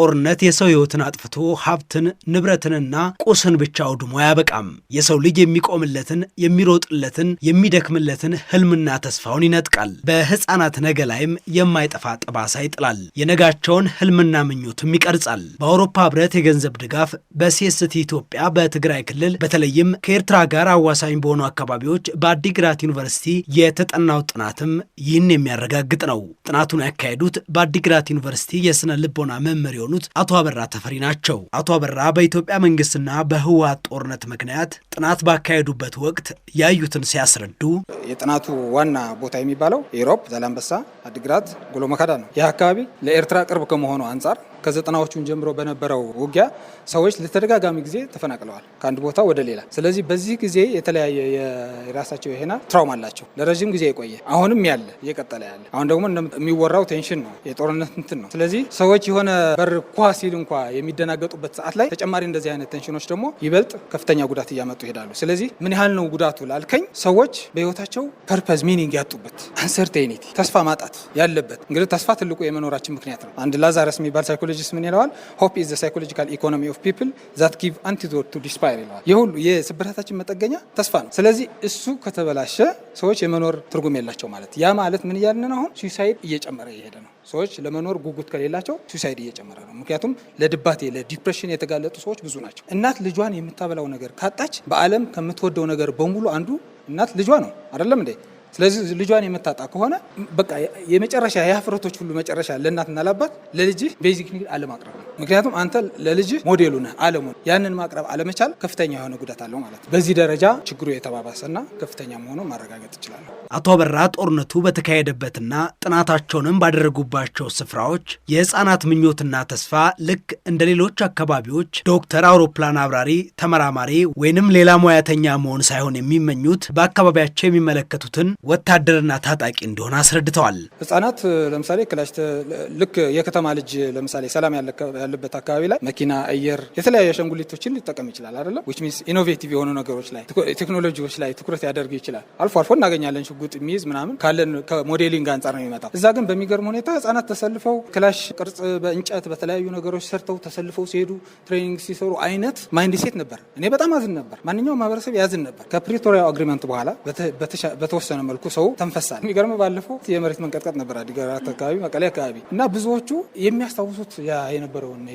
ጦርነት የሰው ሕይወትን አጥፍቶ ሀብትን ንብረትንና ቁስን ብቻ አውድሞ አያበቃም። የሰው ልጅ የሚቆምለትን፣ የሚሮጥለትን፣ የሚደክምለትን ህልምና ተስፋውን ይነጥቃል። በህፃናት ነገ ላይም የማይጠፋ ጠባሳ ይጥላል። የነጋቸውን ህልምና ምኞትም ይቀርጻል። በአውሮፓ ህብረት የገንዘብ ድጋፍ በሴስቲ ኢትዮጵያ በትግራይ ክልል በተለይም ከኤርትራ ጋር አዋሳኝ በሆኑ አካባቢዎች በአዲግራት ዩኒቨርሲቲ የተጠናው ጥናትም ይህን የሚያረጋግጥ ነው። ጥናቱን ያካሄዱት በአዲግራት ዩኒቨርሲቲ የስነ ልቦና መመሪያ የሆኑት አቶ አበራ ተፈሪ ናቸው። አቶ አበራ በኢትዮጵያ መንግስትና በህወሓት ጦርነት ምክንያት ጥናት ባካሄዱበት ወቅት ያዩትን ሲያስረዱ የጥናቱ ዋና ቦታ የሚባለው ኢሮብ፣ ዛላንበሳ፣ አድግራት፣ ጎሎ ነው። ይህ አካባቢ ለኤርትራ ቅርብ ከመሆኑ አንጻር ከዘጠናዎቹን ጀምሮ በነበረው ውጊያ ሰዎች ለተደጋጋሚ ጊዜ ተፈናቅለዋል ከአንድ ቦታ ወደ ሌላ። ስለዚህ በዚህ ጊዜ የተለያየ የራሳቸው የሄና ትራውማ አላቸው ለረዥም ጊዜ የቆየ አሁንም ያለ እየቀጠለ ያለ አሁን ደግሞ የሚወራው ቴንሽን ነው የጦርነት እንትን ነው። ስለዚህ ሰዎች የሆነ ተርኳ ሲል እንኳ የሚደናገጡበት ሰዓት ላይ ተጨማሪ እንደዚህ አይነት ቴንሽኖች ደግሞ ይበልጥ ከፍተኛ ጉዳት እያመጡ ይሄዳሉ። ስለዚህ ምን ያህል ነው ጉዳቱ ላልከኝ፣ ሰዎች በህይወታቸው ፐርፐዝ ሚኒንግ ያጡበት አንሰርቴኒቲ፣ ተስፋ ማጣት ያለበት እንግዲህ ተስፋ ትልቁ የመኖራችን ምክንያት ነው። አንድ ላዛረስ የሚባል ሳይኮሎጂስት ምን ይለዋል? ሆፕ ኢዝ ሳይኮሎጂካል ኢኮኖሚ ኦፍ ፒፕል ዛት ጊቭ አንቲዶት ቱ ዲስፓየር ይለዋል። የሁሉ የስብራታችን መጠገኛ ተስፋ ነው። ስለዚህ እሱ ከተበላሸ ሰዎች የመኖር ትርጉም የላቸው ማለት ያ ማለት ምን እያልን አሁን ሱሳይድ እየጨመረ እየሄደ ነው። ሰዎች ለመኖር ጉጉት ከሌላቸው ሱሳይድ እየጨመረ እየተሰራ ነው። ምክንያቱም ለድባቴ ለዲፕሬሽን የተጋለጡ ሰዎች ብዙ ናቸው። እናት ልጇን የምታበላው ነገር ካጣች በዓለም ከምትወደው ነገር በሙሉ አንዱ እናት ልጇ ነው አይደለም እንዴ? ስለዚህ ልጇን የምታጣ ከሆነ በቃ የመጨረሻ የሀፍረቶች ሁሉ መጨረሻ ለእናትና ለአባት ለልጅህ ቤዚክ ኒድ አለማቅረብ ነው። ምክንያቱም አንተ ለልጅ ሞዴሉ ነህ፣ አለሙ ያንን ማቅረብ አለመቻል ከፍተኛ የሆነ ጉዳት አለው ማለት ነው። በዚህ ደረጃ ችግሩ የተባባሰና ከፍተኛ መሆኑ ማረጋገጥ ይችላል። አቶ አበራ ጦርነቱ በተካሄደበትና ጥናታቸውንም ባደረጉባቸው ስፍራዎች የህፃናት ምኞትና ተስፋ ልክ እንደ ሌሎች አካባቢዎች ዶክተር፣ አውሮፕላን አብራሪ፣ ተመራማሪ ወይንም ሌላ ሙያተኛ መሆን ሳይሆን የሚመኙት በአካባቢያቸው የሚመለከቱትን ወታደርና ታጣቂ እንደሆነ አስረድተዋል። ህጻናት ለምሳሌ ክላሽ ልክ የከተማ ልጅ ለምሳሌ ሰላም ያለ ያለበት አካባቢ ላይ መኪና፣ አየር፣ የተለያዩ አሻንጉሊቶችን ሊጠቀም ይችላል አይደለም። ዊች ሚንስ ኢኖቬቲቭ የሆኑ ነገሮች ላይ ቴክኖሎጂዎች ላይ ትኩረት ያደርግ ይችላል። አልፎ አልፎ እናገኛለን ሽጉጥ የሚይዝ ምናምን ካለን ከሞዴሊንግ አንጻር ነው የሚመጣው። እዛ ግን በሚገርም ሁኔታ ህጻናት ተሰልፈው ክላሽ ቅርጽ በእንጨት በተለያዩ ነገሮች ሰርተው ተሰልፈው ሲሄዱ ትሬኒንግ ሲሰሩ አይነት ማይንድ ሴት ነበር። እኔ በጣም አዝን ነበር። ማንኛውም ማህበረሰብ ያዝን ነበር። ከፕሪቶሪያው አግሪመንት በኋላ በተወሰነ መልኩ ሰው ተንፈሳል። የሚገርም ባለፈው የመሬት መንቀጥቀጥ ነበር አዲግራት አካባቢ፣ መቀሌ አካባቢ እና ብዙዎቹ የሚያስታውሱት የነበረው አሁን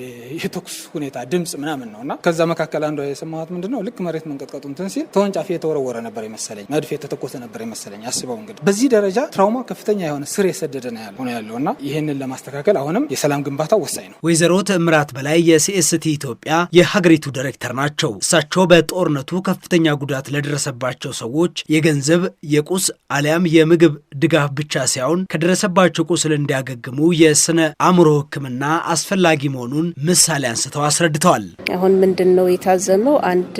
የተኩስ ሁኔታ ድምፅ ምናምን ነው እና ከዛ መካከል አንዷ የሰማሁት ነው ልክ መሬት መንቀጥቀጡ እንትን ሲል ተወንጫፊ የተወረወረ ነበር የመሰለኝ፣ መድፍ የተተኮሰ ነበር የመሰለኝ። አስበው እንግዲህ በዚህ ደረጃ ትራውማ ከፍተኛ የሆነ ስር የሰደደ ነው ሆነ ያለው እና ይህንን ለማስተካከል አሁንም የሰላም ግንባታ ወሳኝ ነው። ወይዘሮ ትዕምራት በላይ የሲኤስቲ ኢትዮጵያ የሀገሪቱ ዳይሬክተር ናቸው። እሳቸው በጦርነቱ ከፍተኛ ጉዳት ለደረሰባቸው ሰዎች የገንዘብ የቁስ አሊያም የምግብ ድጋፍ ብቻ ሳይሆን ከደረሰባቸው ቁስል እንዲያገግሙ የስነ አእምሮ ህክምና አስፈላጊ መሆኑ መሆኑን ምሳሌ አንስተው አስረድተዋል። አሁን ምንድን ነው የታዘመው? አንድ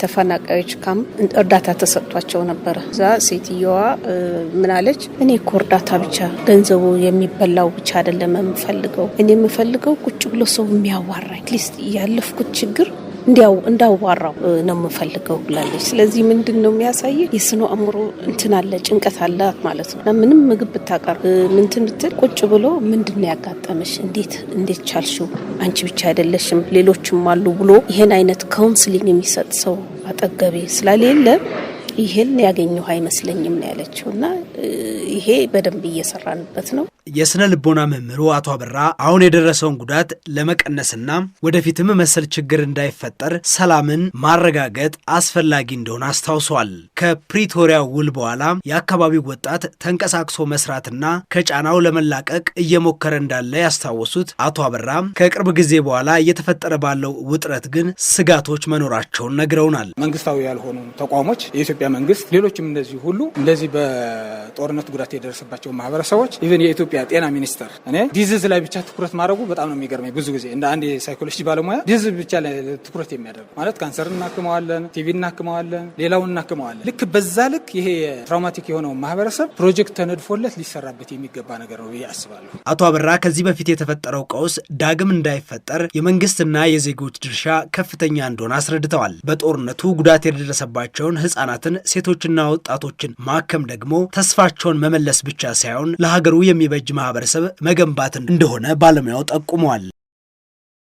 ተፈናቃዮች ካምፕ እርዳታ ተሰጥቷቸው ነበረ። እዛ ሴትየዋ ምናለች፣ እኔ እኮ እርዳታ ብቻ ገንዘቡ የሚበላው ብቻ አይደለም የምፈልገው፣ እኔ የምፈልገው ቁጭ ብሎ ሰው የሚያዋራኝ ሊስት ያለፍኩት ችግር እንዲያው እንዳዋራው ነው የምፈልገው ብላለች። ስለዚህ ምንድን ነው የሚያሳየ የስነ አእምሮ እንትን አለ ጭንቀት አላት ማለት ነው። ምንም ምግብ ብታቀርብ ምንትን ብትል ቁጭ ብሎ ምንድን ነው ያጋጠመሽ፣ እንዴት እንዴት ቻልሽው፣ አንቺ ብቻ አይደለሽም ሌሎችም አሉ ብሎ ይሄን አይነት ካውንስሊንግ የሚሰጥ ሰው አጠገቤ ስለሌለ ይህን ያገኘሁ አይመስለኝም ነው ያለችው። እና ይሄ በደንብ እየሰራንበት ነው። የስነ ልቦና መምህሩ አቶ አበራ አሁን የደረሰውን ጉዳት ለመቀነስና ወደፊትም መሰል ችግር እንዳይፈጠር ሰላምን ማረጋገጥ አስፈላጊ እንደሆነ አስታውሷል። ከፕሪቶሪያ ውል በኋላ የአካባቢው ወጣት ተንቀሳቅሶ መስራትና ከጫናው ለመላቀቅ እየሞከረ እንዳለ ያስታወሱት አቶ አበራ ከቅርብ ጊዜ በኋላ እየተፈጠረ ባለው ውጥረት ግን ስጋቶች መኖራቸውን ነግረውናል። መንግስታዊ ያልሆኑ ተቋሞች የኢትዮጵያ መንግስት፣ ሌሎችም እነዚህ ሁሉ እንደዚህ በጦርነት ጉዳት የደረሰባቸው ማህበረሰቦች ኢቨን የኢትዮጵያ የኢትዮጵያ ጤና ሚኒስቴር እኔ ዲዝዝ ላይ ብቻ ትኩረት ማድረጉ በጣም ነው የሚገርመኝ። ብዙ ጊዜ እንደ አንድ የሳይኮሎጂ ባለሙያ ዲዝዝ ብቻ ላይ ትኩረት የሚያደርግ ማለት ካንሰር እናክመዋለን፣ ቲቪ እናክመዋለን፣ ሌላውን እናክመዋለን። ልክ በዛ ልክ ይሄ ትራውማቲክ የሆነው ማህበረሰብ ፕሮጀክት ተነድፎለት ሊሰራበት የሚገባ ነገር ነው ብዬ አስባለሁ። አቶ አበራ ከዚህ በፊት የተፈጠረው ቀውስ ዳግም እንዳይፈጠር የመንግስትና የዜጎች ድርሻ ከፍተኛ እንደሆነ አስረድተዋል። በጦርነቱ ጉዳት የደረሰባቸውን ህጻናትን፣ ሴቶችና ወጣቶችን ማከም ደግሞ ተስፋቸውን መመለስ ብቻ ሳይሆን ለሀገሩ የሚበጅ ማህበረሰብ መገንባት እንደሆነ ባለሙያው ጠቁመዋል።